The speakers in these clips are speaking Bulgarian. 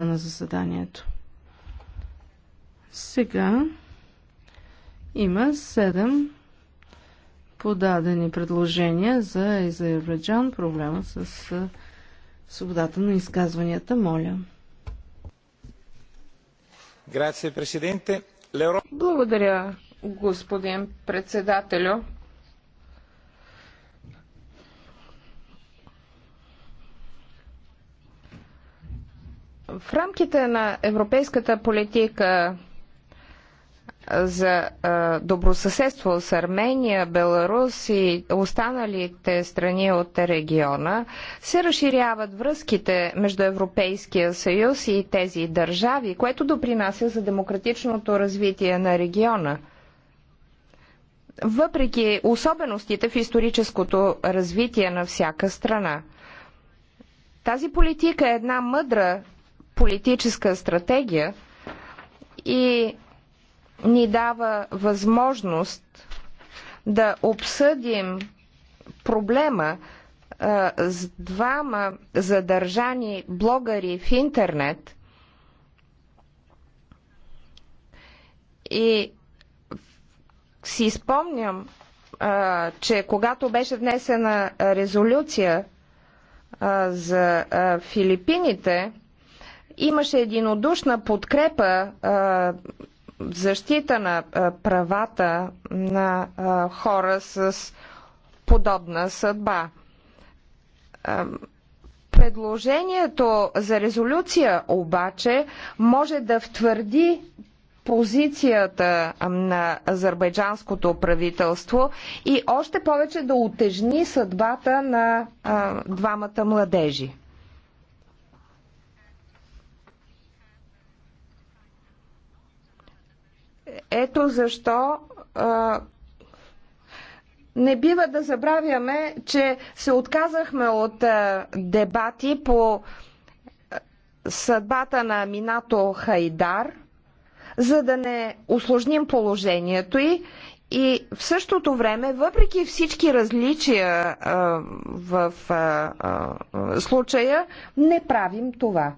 на заседанието. Сега има 7 подадени предложения за Азербайджан, проблема с свободата на изказванията. Моля. Благодаря, господин председателю. В рамките на европейската политика за добросъседство с Армения, Беларус и останалите страни от региона, се разширяват връзките между Европейския съюз и тези държави, което допринася за демократичното развитие на региона. Въпреки особеностите в историческото развитие на всяка страна. Тази политика е една мъдра политическа стратегия и ни дава възможност да обсъдим проблема а, с двама задържани блогъри в интернет и си спомням, а, че когато беше внесена резолюция а, за а, Филипините, Имаше единодушна подкрепа в защита на правата на хора с подобна съдба. предложението за резолюция обаче може да втвърди позицията на азербайджанското правителство и още повече да утежни съдбата на а, двамата младежи. Ето защо а, не бива да забравяме, че се отказахме от а, дебати по съдбата на Минато Хайдар, за да не усложним положението й и в същото време, въпреки всички различия а, в а, а, случая, не правим това.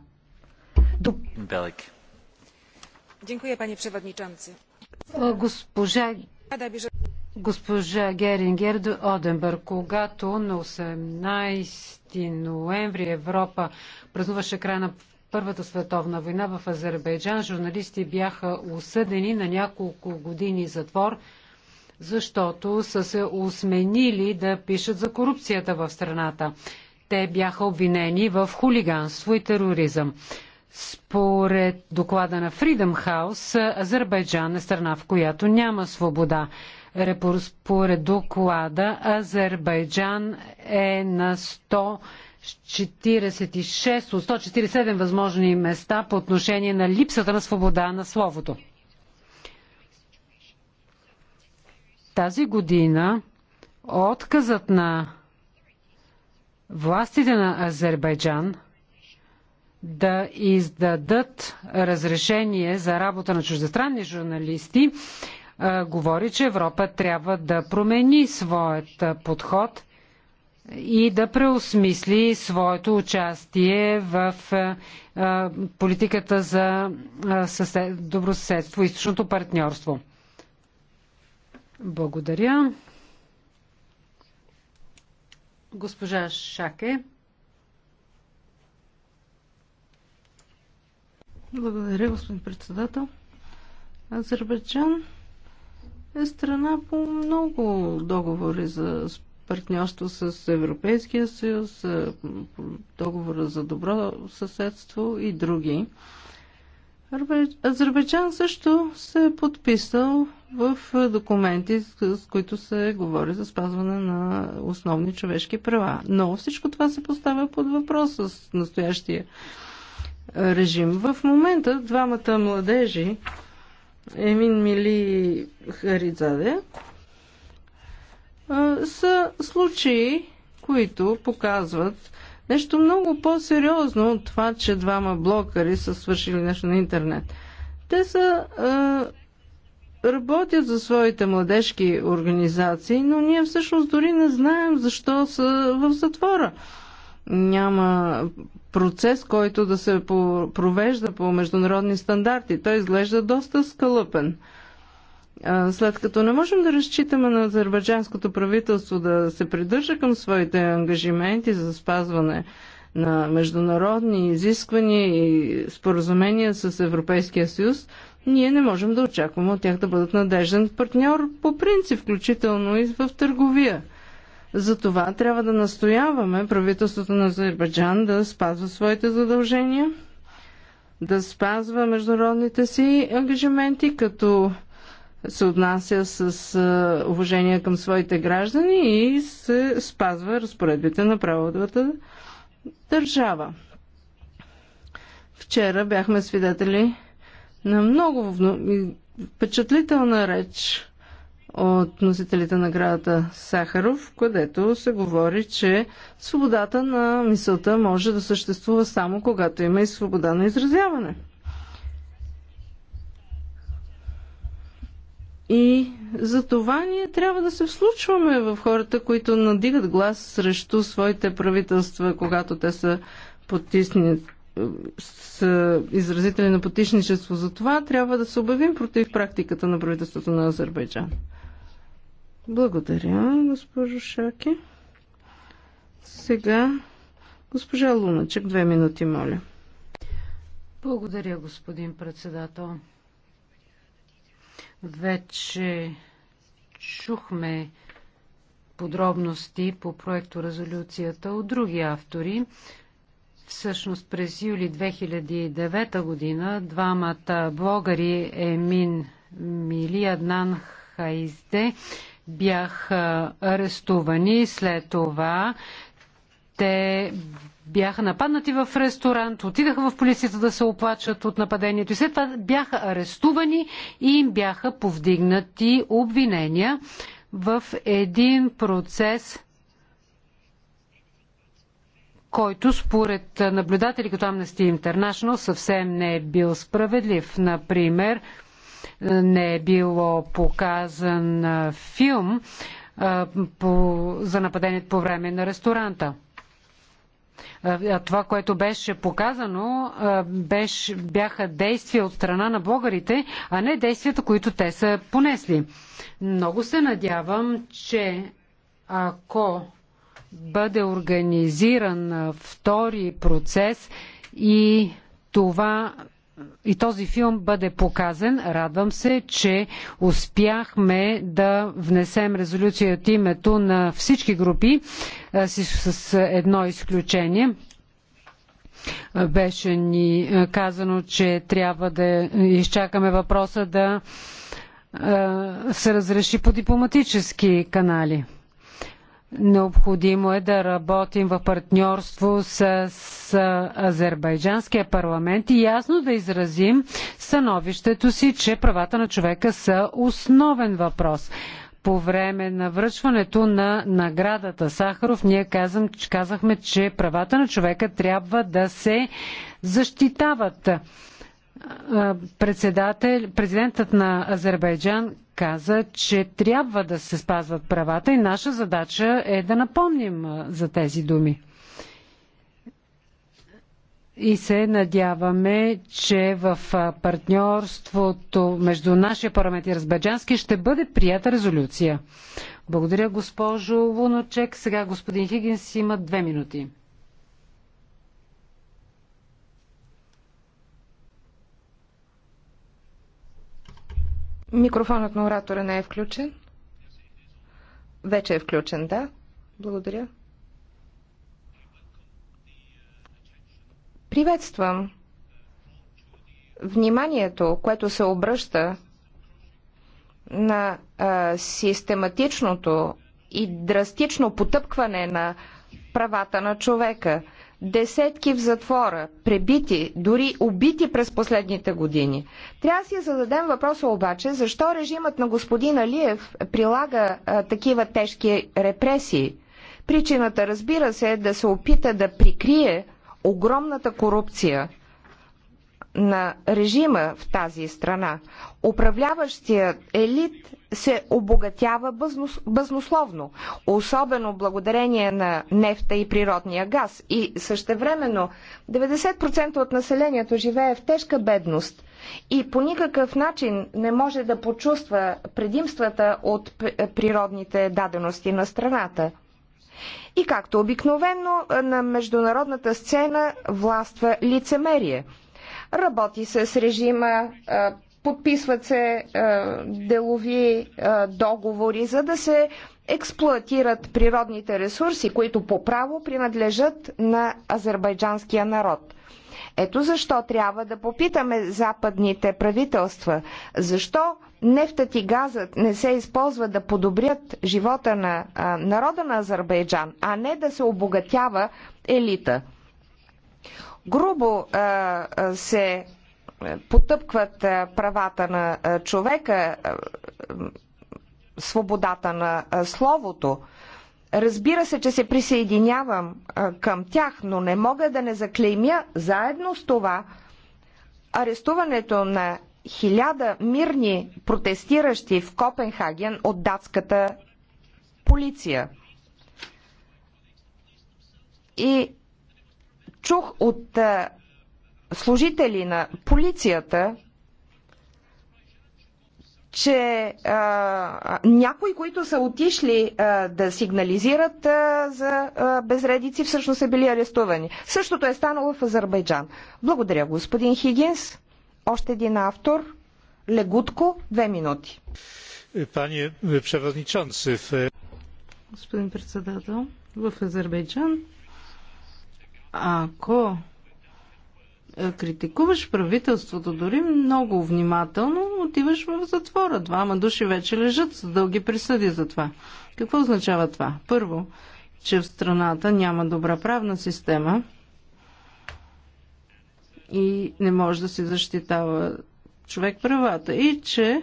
Белик. Dziękuję, panie przewodniczący. Госпожа Госпожа Герингер Оденбър, когато на 18 ноември Европа празнуваше края на Първата световна война в Азербайджан, журналисти бяха осъдени на няколко години затвор, защото са се осменили да пишат за корупцията в страната. Те бяха обвинени в хулиганство и тероризъм. Според доклада на Freedom House, Азербайджан е страна, в която няма свобода. Според доклада, Азербайджан е на 100 46 от 147 възможни места по отношение на липсата на свобода на словото. Тази година отказът на властите на Азербайджан – да издадат разрешение за работа на чуждестранни журналисти, говори, че Европа трябва да промени своят подход и да преосмисли своето участие в политиката за добросъседство и източното партньорство. Благодаря. Госпожа Шаке. Благодаря, господин председател. Азербайджан е страна по много договори за партньорство с Европейския съюз, е, договора за добро съседство и други. Азербайджан също се е подписал в е, документи, с които се говори за спазване на основни човешки права. Но всичко това се поставя под въпрос с настоящия режим. В момента двамата младежи, Емин Мили и Харидзаде, са случаи, които показват нещо много по-сериозно от това, че двама блокари са свършили нещо на интернет. Те са работят за своите младежки организации, но ние всъщност дори не знаем защо са в затвора няма процес, който да се провежда по международни стандарти. Той изглежда доста скалъпен. След като не можем да разчитаме на азербайджанското правителство да се придържа към своите ангажименти за спазване на международни изисквания и споразумения с Европейския съюз, ние не можем да очакваме от тях да бъдат надежден партньор по принцип, включително и в търговия. За това трябва да настояваме правителството на Азербайджан да спазва своите задължения, да спазва международните си ангажименти, като се отнася с уважение към своите граждани и се спазва разпоредбите на правовата държава. Вчера бяхме свидетели на много впечатлителна реч от носителите на градата Сахаров, където се говори, че свободата на мисълта може да съществува само когато има и свобода на изразяване. И за това ние трябва да се вслучваме в хората, които надигат глас срещу своите правителства, когато те са потисни, с изразители на потишничество. За това трябва да се обявим против практиката на правителството на Азербайджан. Благодаря, госпожо Шаки. Сега госпожа Луначек, две минути, моля. Благодаря, господин председател. Вече чухме подробности по проекто резолюцията от други автори. Всъщност през юли 2009 година двамата блогъри Емин Мили Аднан Хайзде бяха арестувани. След това те бяха нападнати в ресторант, отидаха в полицията да се оплачат от нападението и след това бяха арестувани и им бяха повдигнати обвинения в един процес, който според наблюдатели като Amnesty International съвсем не е бил справедлив. Например, не е било показан филм по, за нападението по време на ресторанта. Това, което беше показано, беше, бяха действия от страна на блогарите, а не действията, които те са понесли. Много се надявам, че ако бъде организиран втори процес и това и този филм бъде показан. Радвам се, че успяхме да внесем резолюция от името на всички групи с едно изключение. Беше ни казано, че трябва да изчакаме въпроса да се разреши по дипломатически канали. Необходимо е да работим в партньорство с, с Азербайджанския парламент и ясно да изразим становището си, че правата на човека са основен въпрос. По време на връчването на наградата Сахаров ние казам, казахме, че правата на човека трябва да се защитават председател, президентът на Азербайджан каза, че трябва да се спазват правата и наша задача е да напомним за тези думи. И се надяваме, че в партньорството между нашия парламент и Азербайджански ще бъде прията резолюция. Благодаря, госпожо Луночек. Сега господин Хигинс има две минути. Микрофонът на оратора не е включен. Вече е включен, да. Благодаря. Приветствам вниманието, което се обръща на а, систематичното и драстично потъпкване на правата на човека – десетки в затвора, пребити, дори убити през последните години. Трябва да си зададем въпроса обаче, защо режимът на господин Алиев прилага а, такива тежки репресии. Причината, разбира се, е да се опита да прикрие огромната корупция на режима в тази страна. Управляващият елит се обогатява бъзнословно, особено благодарение на нефта и природния газ. И същевременно 90% от населението живее в тежка бедност и по никакъв начин не може да почувства предимствата от природните дадености на страната. И както обикновено на международната сцена властва лицемерие – Работи се с режима, подписват се делови договори, за да се експлоатират природните ресурси, които по право принадлежат на азербайджанския народ. Ето защо трябва да попитаме западните правителства, защо нефтът и газът не се използва да подобрят живота на народа на Азербайджан, а не да се обогатява елита грубо се потъпкват правата на човека, свободата на словото. Разбира се, че се присъединявам към тях, но не мога да не заклеймя заедно с това арестуването на хиляда мирни протестиращи в Копенхаген от датската полиция. И Чух от е, служители на полицията, че а, е, някои, които са отишли а, е, да сигнализират а, за а, безредици, всъщност са били арестувани. Същото е станало в Азербайджан. Благодаря, господин Хигинс. Още един автор. Легутко, две минути. Пане Господин председател, в Азербайджан ако е, критикуваш правителството дори много внимателно, отиваш в затвора. Двама души вече лежат с дълги присъди за това. Какво означава това? Първо, че в страната няма добра правна система и не може да си защитава човек правата. И че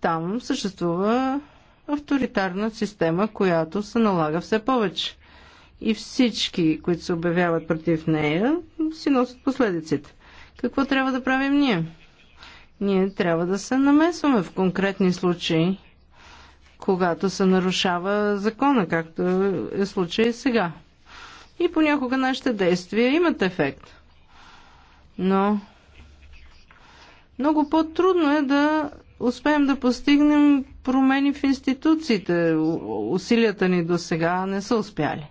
там съществува авторитарна система, която се налага все повече и всички, които се обявяват против нея, си носят последиците. Какво трябва да правим ние? Ние трябва да се намесваме в конкретни случаи, когато се нарушава закона, както е случай сега. И понякога нашите действия имат ефект. Но много по-трудно е да успеем да постигнем промени в институциите. Усилията ни до сега не са успяли.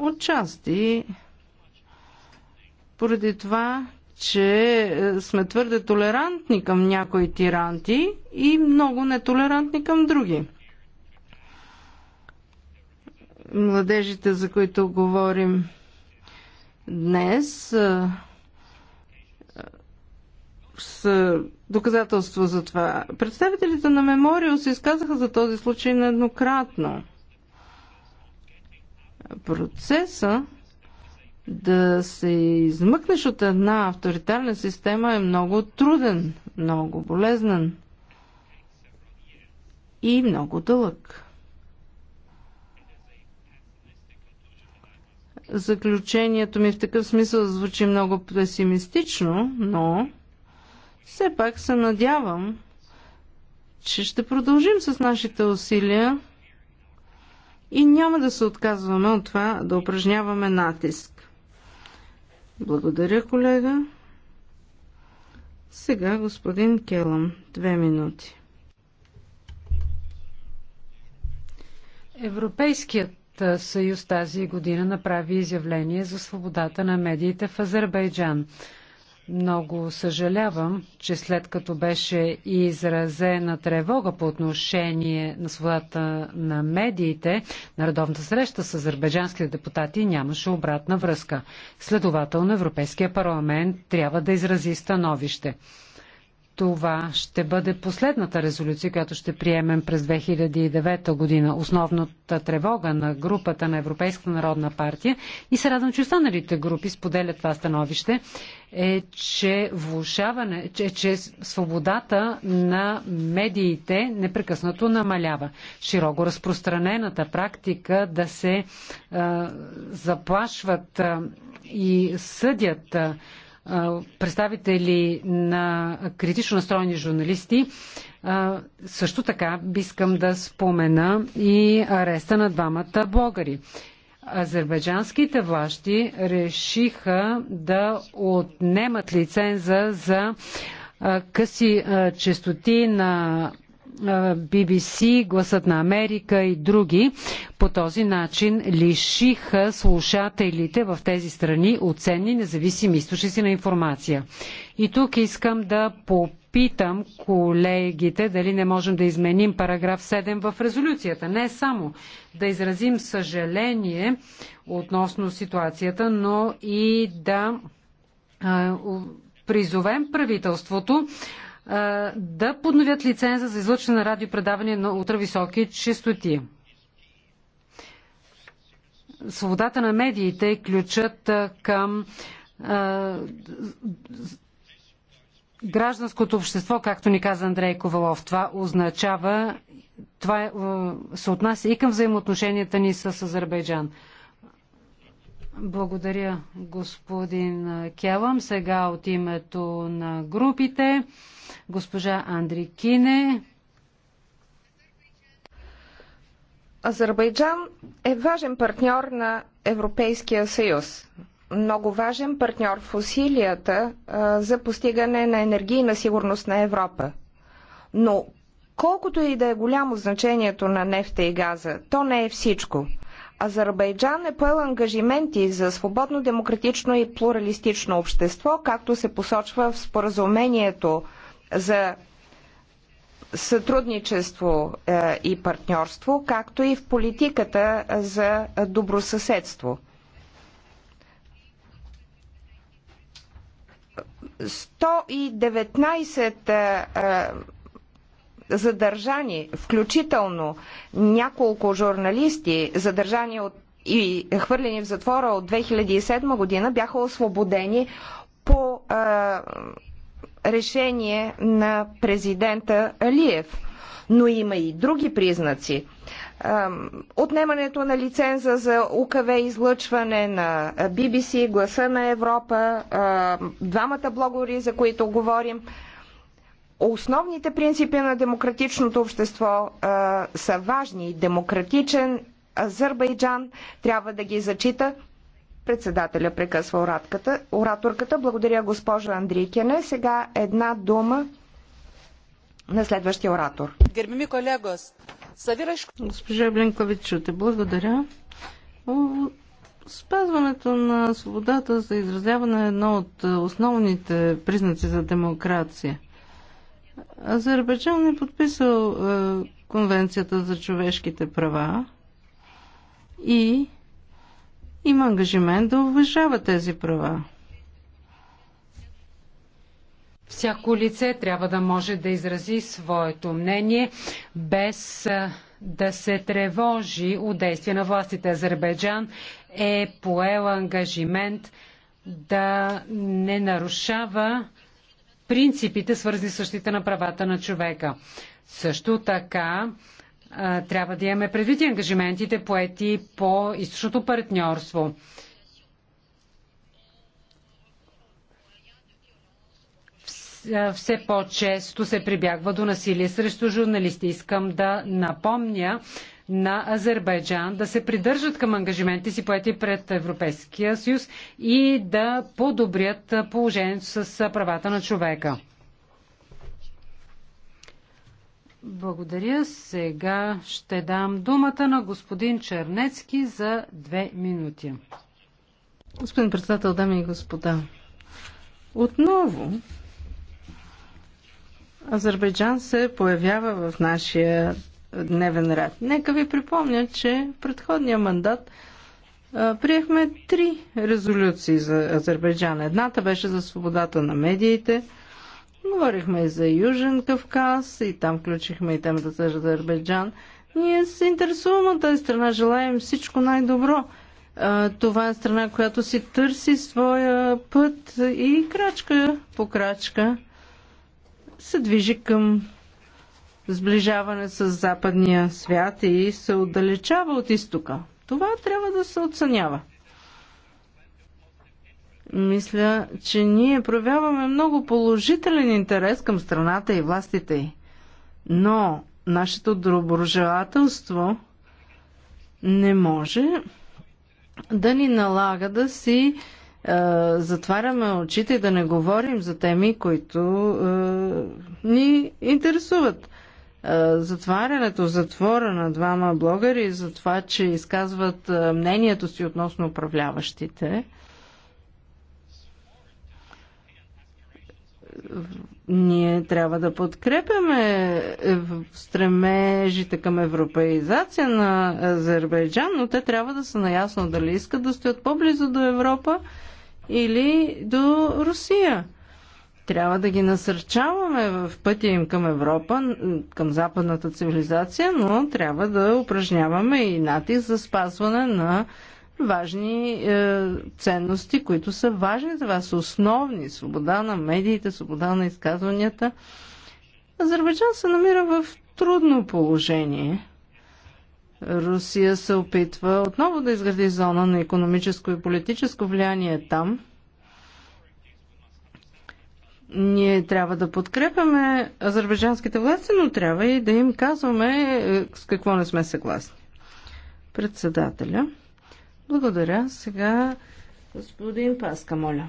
Отчасти поради това, че е, сме твърде толерантни към някои тиранти и много нетолерантни към други. Младежите, за които говорим днес, е, с доказателство за това. Представителите на Мемориус се изказаха за този случай нееднократно – процеса да се измъкнеш от една авторитарна система е много труден, много болезнен и много дълъг. Заключението ми в такъв смисъл звучи много песимистично, но все пак се надявам, че ще продължим с нашите усилия и няма да се отказваме от това да упражняваме натиск. Благодаря, колега. Сега господин Келъм. Две минути. Европейският съюз тази година направи изявление за свободата на медиите в Азербайджан. Много съжалявам, че след като беше изразена тревога по отношение на свободата на медиите, на редовната среща с азербайджанските депутати нямаше обратна връзка. Следователно Европейския парламент трябва да изрази становище това ще бъде последната резолюция, която ще приемем през 2009 година. Основната тревога на групата на Европейска народна партия и се радвам, че останалите групи споделят това становище, е, че влушаване, че, че свободата на медиите непрекъснато намалява. Широко разпространената практика да се а, заплашват а, и съдят а, представители на критично настроени журналисти. Също така искам да спомена и ареста на двамата блогъри. Азербайджанските власти решиха да отнемат лиценза за къси частоти на BBC, Гласът на Америка и други по този начин лишиха слушателите в тези страни от ценни независими източници на информация. И тук искам да попитам колегите дали не можем да изменим параграф 7 в резолюцията. Не само да изразим съжаление относно ситуацията, но и да призовем правителството да подновят лиценза за излъчване на радиопредавания на ултрависоки частоти. Свободата на медиите е ключът към гражданското общество, както ни каза Андрей Ковалов. Това означава, това е, се отнася и към взаимоотношенията ни с Азербайджан. Благодаря, господин Келам. Сега от името на групите госпожа Андри Кине. Азербайджан е важен партньор на Европейския съюз. Много важен партньор в усилията за постигане на енергийна сигурност на Европа. Но колкото и да е голямо значението на нефта и газа, то не е всичко – Азербайджан е поел ангажименти за свободно, демократично и плуралистично общество, както се посочва в споразумението за сътрудничество е, и партньорство, както и в политиката за добросъседство. 119 задържани, включително няколко журналисти, задържани от, и хвърлени в затвора от 2007 година, бяха освободени по а, решение на президента Алиев. Но има и други признаци. А, отнемането на лиценза за УКВ излъчване на BBC, Гласа на Европа, а, двамата блогори, за които говорим, Основните принципи на демократичното общество а, са важни. Демократичен Азербайджан трябва да ги зачита. Председателя прекъсва оратката, ораторката. Благодаря госпожа Андрикене. Сега една дума на следващия оратор. Гермими, колегос, Савираш... Госпожа Бленковичуте, благодаря. Спазването на свободата за изразяване е едно от основните признаци за демокрация. Азербайджан е подписал е, Конвенцията за човешките права и има ангажимент да уважава тези права. Всяко лице трябва да може да изрази своето мнение без е, да се тревожи от действия на властите. Азербайджан е поел ангажимент да не нарушава принципите, свързани с защита на правата на човека. Също така трябва да имаме предвид и ангажиментите поети по източното партньорство. все по-често се прибягва до насилие срещу журналисти. Искам да напомня на Азербайджан да се придържат към ангажиментите си поети пред Европейския съюз и да подобрят положението с правата на човека. Благодаря. Сега ще дам думата на господин Чернецки за две минути. Господин председател, дами и господа, отново Азербайджан се появява в нашия дневен ред. Нека ви припомня, че в предходния мандат приехме три резолюции за Азербайджан. Едната беше за свободата на медиите, говорихме и за Южен Кавказ и там включихме и темата за Азербайджан. Ние се интересуваме от тази страна, желаем всичко най-добро. Това е страна, която си търси своя път и крачка по крачка се движи към сближаване с западния свят и се отдалечава от изтока. Това трябва да се оценява. Мисля, че ние проявяваме много положителен интерес към страната и властите й. Но нашето доброжелателство не може да ни налага да си е, затваряме очите и да не говорим за теми, които е, ни интересуват. Е, затварянето в затвора на двама блогъри за това, че изказват е, мнението си относно управляващите. Ние трябва да подкрепяме стремежите към европеизация на Азербайджан, но те трябва да са наясно дали искат да стоят по-близо до Европа или до Русия. Трябва да ги насърчаваме в пътя им към Европа, към западната цивилизация, но трябва да упражняваме и натиск за спазване на важни е, ценности, които са важни за вас, основни. Свобода на медиите, свобода на изказванията. Азербайджан се намира в трудно положение. Русия се опитва отново да изгради зона на економическо и политическо влияние там. Ние трябва да подкрепяме азербайджанските власти, но трябва и да им казваме е, с какво не сме съгласни. Председателя. Благодаря. Сега господин Паска, моля.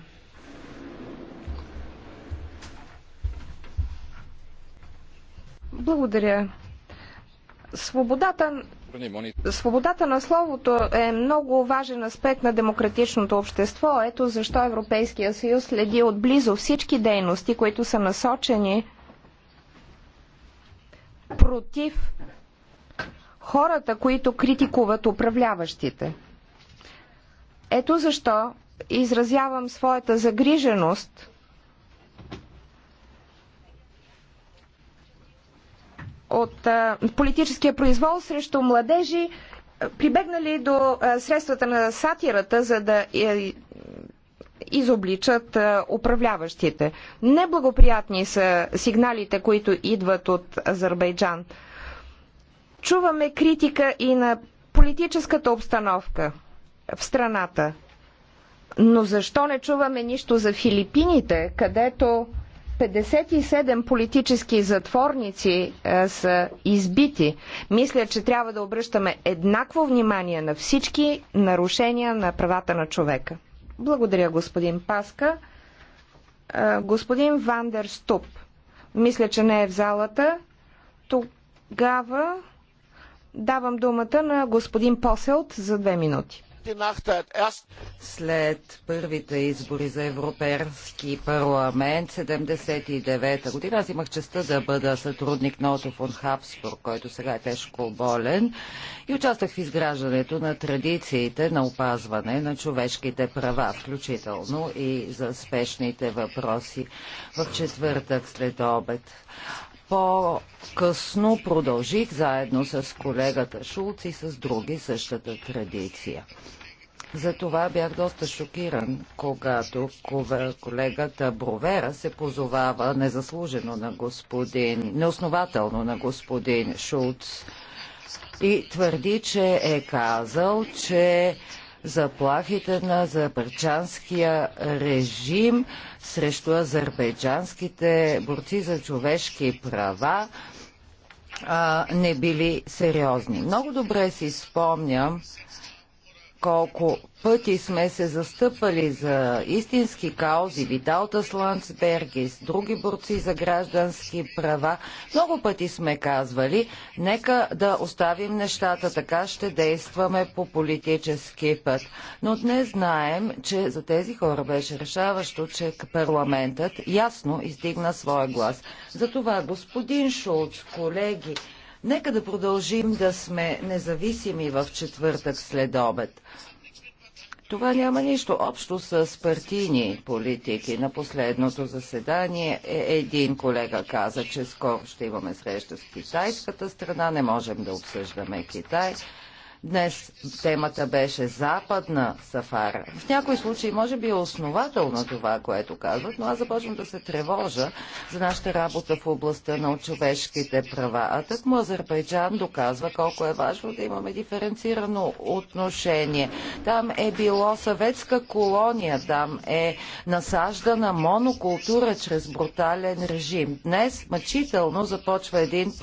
Благодаря. Свободата Свободата на словото е много важен аспект на демократичното общество. Ето защо Европейския съюз следи отблизо всички дейности, които са насочени против хората, които критикуват управляващите. Ето защо изразявам своята загриженост – от политическия произвол срещу младежи, прибегнали до средствата на сатирата, за да е, изобличат управляващите. Неблагоприятни са сигналите, които идват от Азербайджан. Чуваме критика и на политическата обстановка в страната. Но защо не чуваме нищо за Филипините, където 57 политически затворници а, е, са избити. Мисля, че трябва да обръщаме еднакво внимание на всички нарушения на правата на човека. Благодаря, господин Паска. А, е, господин Вандер Ступ. Мисля, че не е в залата. Тогава давам думата на господин Поселт за две минути. След първите избори за Европейски парламент 79-та година, аз имах честа да бъда сътрудник на Ото фон Хабсбург, който сега е тежко болен, и участвах в изграждането на традициите на опазване на човешките права, включително и за спешните въпроси в четвъртък след обед по-късно продължих заедно с колегата Шулц и с други същата традиция. Затова бях доста шокиран, когато колегата Бровера се позовава незаслужено на господин, неоснователно на господин Шулц и твърди, че е казал, че заплахите на запърчанския режим срещу азербайджанските борци за човешки права а, не били сериозни. Много добре си спомням колко пъти сме се застъпали за истински каузи, Виталта с други борци за граждански права. Много пъти сме казвали, нека да оставим нещата така, ще действаме по политически път. Но днес знаем, че за тези хора беше решаващо, че парламентът ясно издигна своя глас. Затова, господин Шулц, колеги, Нека да продължим да сме независими в четвъртък след обед. Това няма нищо общо с партийни политики. На последното заседание е един колега каза, че скоро ще имаме среща с китайската страна, не можем да обсъждаме Китай. Днес темата беше Западна Сафара. В някои случаи може би е основателно това, което казват, но аз започвам да се тревожа за нашата работа в областта на човешките права. А так му Азербайджан доказва колко е важно да имаме диференцирано отношение. Там е било съветска колония, там е насаждана монокултура чрез брутален режим. Днес мъчително започва един,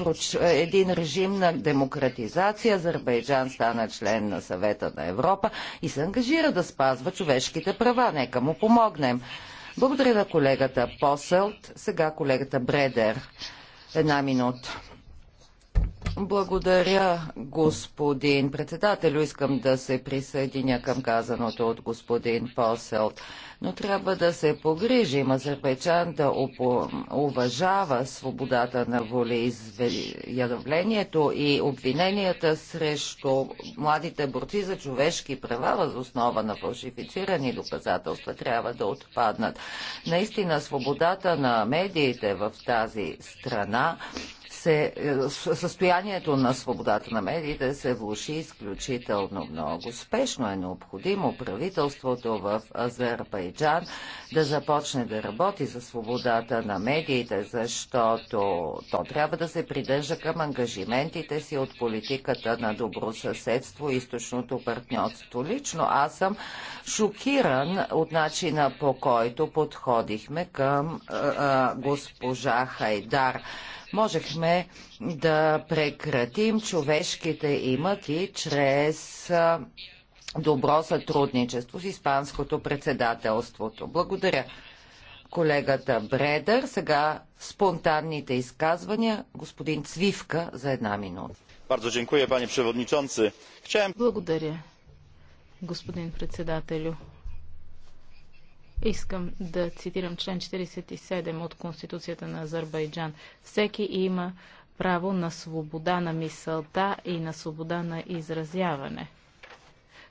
един режим на демократизация. Азербайджан става стана член на съвета на Европа и се ангажира да спазва човешките права. Нека му помогнем. Благодаря на колегата Поселт, сега колегата Бредер. Една минута. Благодаря, господин председател, Искам да се присъединя към казаното от господин Поселт. Но трябва да се погрижим Азербайджан да уважава свободата на волеизявлението и обвиненията срещу младите борци за човешки права въз основа на фалшифицирани доказателства трябва да отпаднат. Наистина свободата на медиите в тази страна се, е, състоянието на свободата на медиите се влуши изключително много. Спешно е необходимо правителството в Азербайджан да започне да работи за свободата на медиите, защото то трябва да се придържа към ангажиментите си от политиката на добросъседство и източното партньорство. Лично аз съм шокиран от начина по който подходихме към а, а, госпожа Хайдар можехме да прекратим човешките имъки чрез добро сътрудничество с Испанското председателството. Благодаря колегата Бредър. Сега спонтанните изказвания. Господин Цвивка за една минута. Bardzo dziękuję, panie przewodniczący. Chciałem... Благодаря, господин председателю. Искам да цитирам член 47 от Конституцията на Азербайджан. Всеки има право на свобода на мисълта и на свобода на изразяване.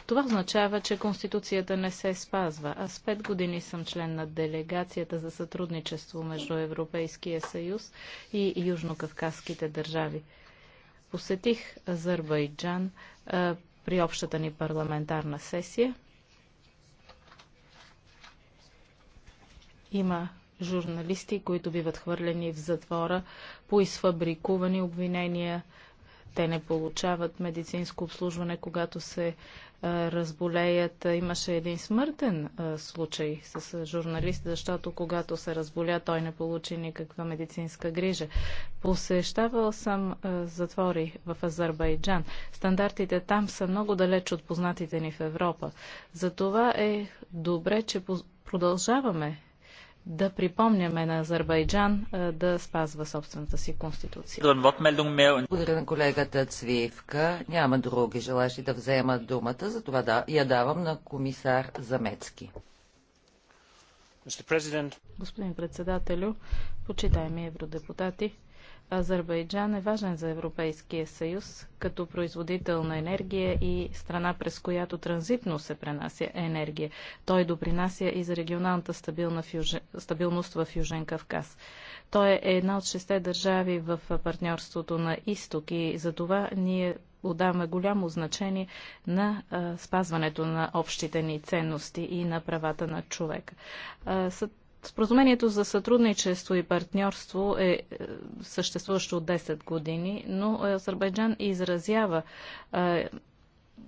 Това означава, че Конституцията не се спазва. Аз пет години съм член на делегацията за сътрудничество между Европейския съюз и Южно-Кавказските държави. Посетих Азербайджан при общата ни парламентарна сесия – Има журналисти, които биват хвърлени в затвора по изфабрикувани обвинения. Те не получават медицинско обслужване, когато се а, разболеят. Имаше един смъртен а, случай с а, журналист, защото когато се разболя, той не получи никаква медицинска грижа. Посещавал съм затвори в Азербайджан. Стандартите там са много далеч от познатите ни в Европа. Затова е добре, че продължаваме да припомняме на Азербайджан да спазва собствената си конституция. Благодаря на колегата Цвивка. Няма други желащи да вземат думата, затова да, я давам на комисар Замецки. Господин председателю, почитаеми евродепутати, Азербайджан е важен за Европейския съюз като производител на енергия и страна, през която транзитно се пренася енергия. Той допринася и за регионалната стабилност в Южен Кавказ. Той е една от шесте държави в партньорството на изток и за това ние отдаваме голямо значение на а, спазването на общите ни ценности и на правата на човека. А, съд Споразумението за сътрудничество и партньорство е, е съществуващо от 10 години, но Азербайджан изразява е,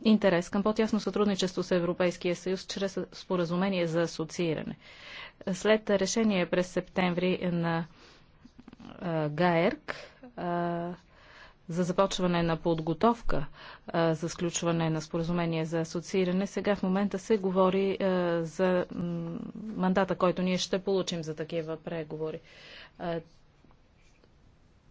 интерес към по-тясно сътрудничество с Европейския съюз чрез споразумение за асоцииране. След решение през септември на е, ГАЕРК, е, за започване на подготовка за сключване на споразумение за асоцииране. Сега в момента се говори за мандата, който ние ще получим за такива преговори.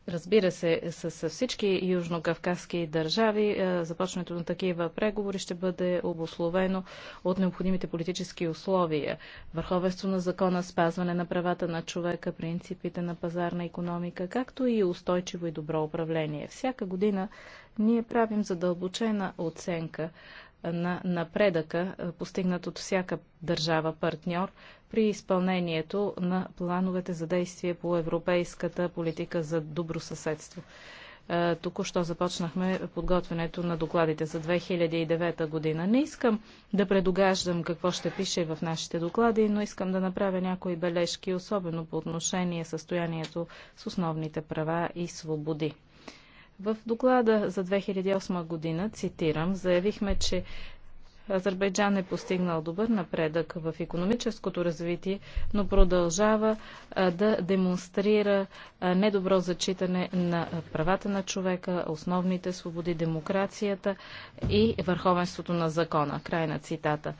Разбира се, с, с всички южнокавказски държави е, започването на такива преговори ще бъде обословено от необходимите политически условия. Върховенство на закона, спазване на правата на човека, принципите на пазарна економика, както и устойчиво и добро управление. Всяка година ние правим задълбочена оценка на напредъка, е, постигнат от всяка държава партньор при изпълнението на плановете за действие по европейската политика за добро съседство. Е, Току-що започнахме подготвянето на докладите за 2009 година. Не искам да предогаждам какво ще пише в нашите доклади, но искам да направя някои бележки, особено по отношение състоянието с основните права и свободи. В доклада за 2008 година, цитирам, заявихме, че Азербайджан е постигнал добър напредък в економическото развитие, но продължава да демонстрира недобро зачитане на правата на човека, основните свободи, демокрацията и върховенството на закона. Край на цитата.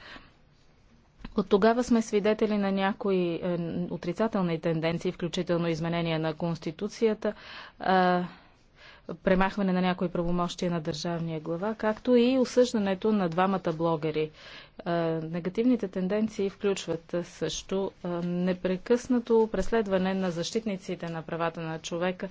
От тогава сме свидетели на някои е, отрицателни тенденции, включително изменения на Конституцията премахване на някои правомощия на държавния глава, както и осъждането на двамата блогери. Е, негативните тенденции включват също е, непрекъснато преследване на защитниците на правата на човека,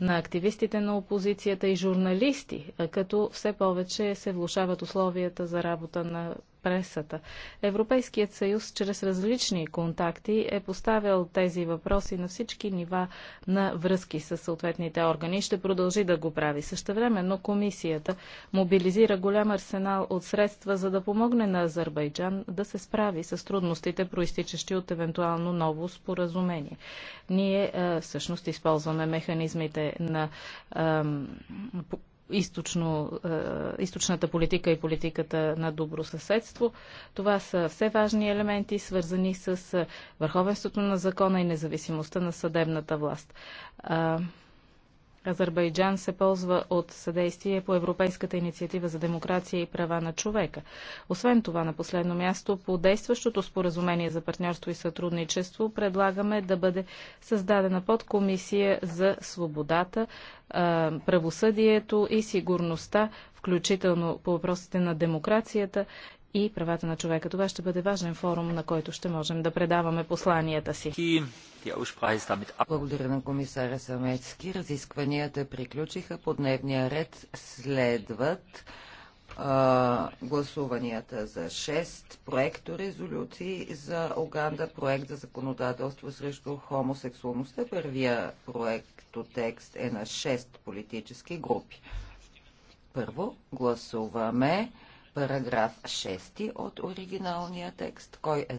на активистите на опозицията и журналисти, е, като все повече се влушават условията за работа на пресата. Европейският съюз чрез различни контакти е поставял тези въпроси на всички нива на връзки с съответните органи и ще продължи да го прави. Същевременно комисията мобилизира голям арсенал от средства, за да помогне на Азербайджан да се справи с трудностите, проистичащи от евентуално ново споразумение. Ние всъщност използваме механизмите на източно, е, източната политика и политиката на добро съседство. Това са все важни елементи, свързани с е, върховенството на закона и независимостта на съдебната власт. Азербайджан се ползва от съдействие по Европейската инициатива за демокрация и права на човека. Освен това, на последно място, по действащото споразумение за партньорство и сътрудничество предлагаме да бъде създадена подкомисия за свободата, правосъдието и сигурността, включително по въпросите на демокрацията и правата на човека. Това ще бъде важен форум, на който ще можем да предаваме посланията си. Благодаря на комисаря Самецки. Разискванията приключиха. По дневния ред следват а, гласуванията за 6 проекто резолюции за Оганда, проект за законодателство срещу хомосексуалността. Първия проекто текст е на 6 политически групи. Първо гласуваме параграф 6 от оригиналния текст. Кой е